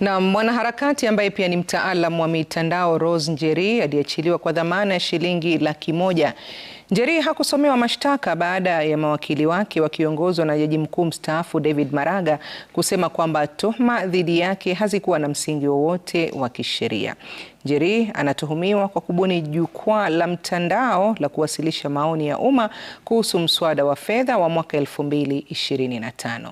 Na mwanaharakati ambaye pia ni mtaalam wa mitandao Rose Njeri aliachiliwa kwa dhamana ya shilingi laki moja. Njeri hakusomewa mashtaka baada ya mawakili wake wakiongozwa na Jaji Mkuu mstaafu David Maraga kusema kwamba tuhuma dhidi yake hazikuwa na msingi wowote wa kisheria. Njeri anatuhumiwa kwa kubuni jukwaa la mtandao la kuwasilisha maoni ya umma kuhusu mswada wa fedha wa mwaka 2025.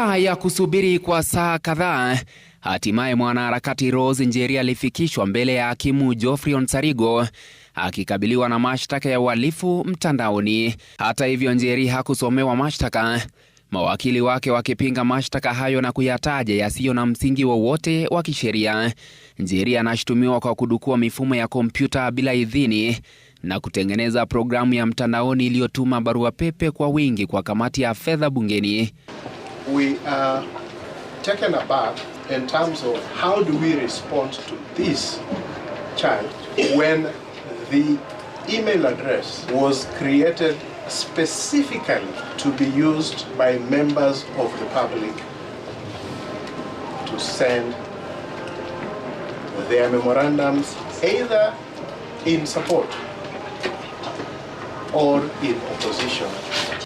Baada ya kusubiri kwa saa kadhaa, hatimaye mwanaharakati Rose Njeri alifikishwa mbele ya hakimu Geoffrey Onsarigo akikabiliwa na mashtaka ya uhalifu mtandaoni. Hata hivyo, Njeri hakusomewa mashtaka, mawakili wake wakipinga mashtaka hayo na kuyataja yasiyo na msingi wowote wa, wa kisheria. Njeri anashutumiwa kwa kudukua mifumo ya kompyuta bila idhini na kutengeneza programu ya mtandaoni iliyotuma barua pepe kwa wingi kwa kamati ya fedha bungeni. we are taken aback in terms of how do we respond to this child when the email address was created specifically to be used by members of the public to send their memorandums either in support or in opposition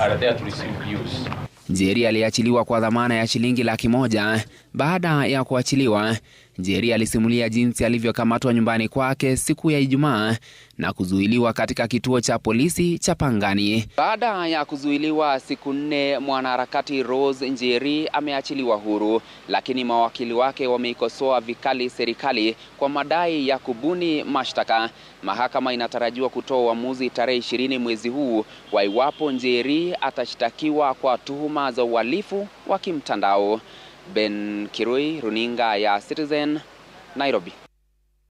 are there to receive views. Njeri aliachiliwa kwa dhamana ya shilingi laki moja baada ya kuachiliwa Njeri alisimulia jinsi alivyokamatwa nyumbani kwake siku ya Ijumaa na kuzuiliwa katika kituo cha polisi cha Pangani. Baada ya kuzuiliwa siku nne, mwanaharakati Rose Njeri ameachiliwa huru, lakini mawakili wake wameikosoa vikali serikali kwa madai ya kubuni mashtaka. Mahakama inatarajiwa kutoa uamuzi tarehe ishirini mwezi huu wa iwapo Njeri atashtakiwa kwa tuhuma za uhalifu wa kimtandao. Ben Kirui, runinga ya Citizen, Nairobi.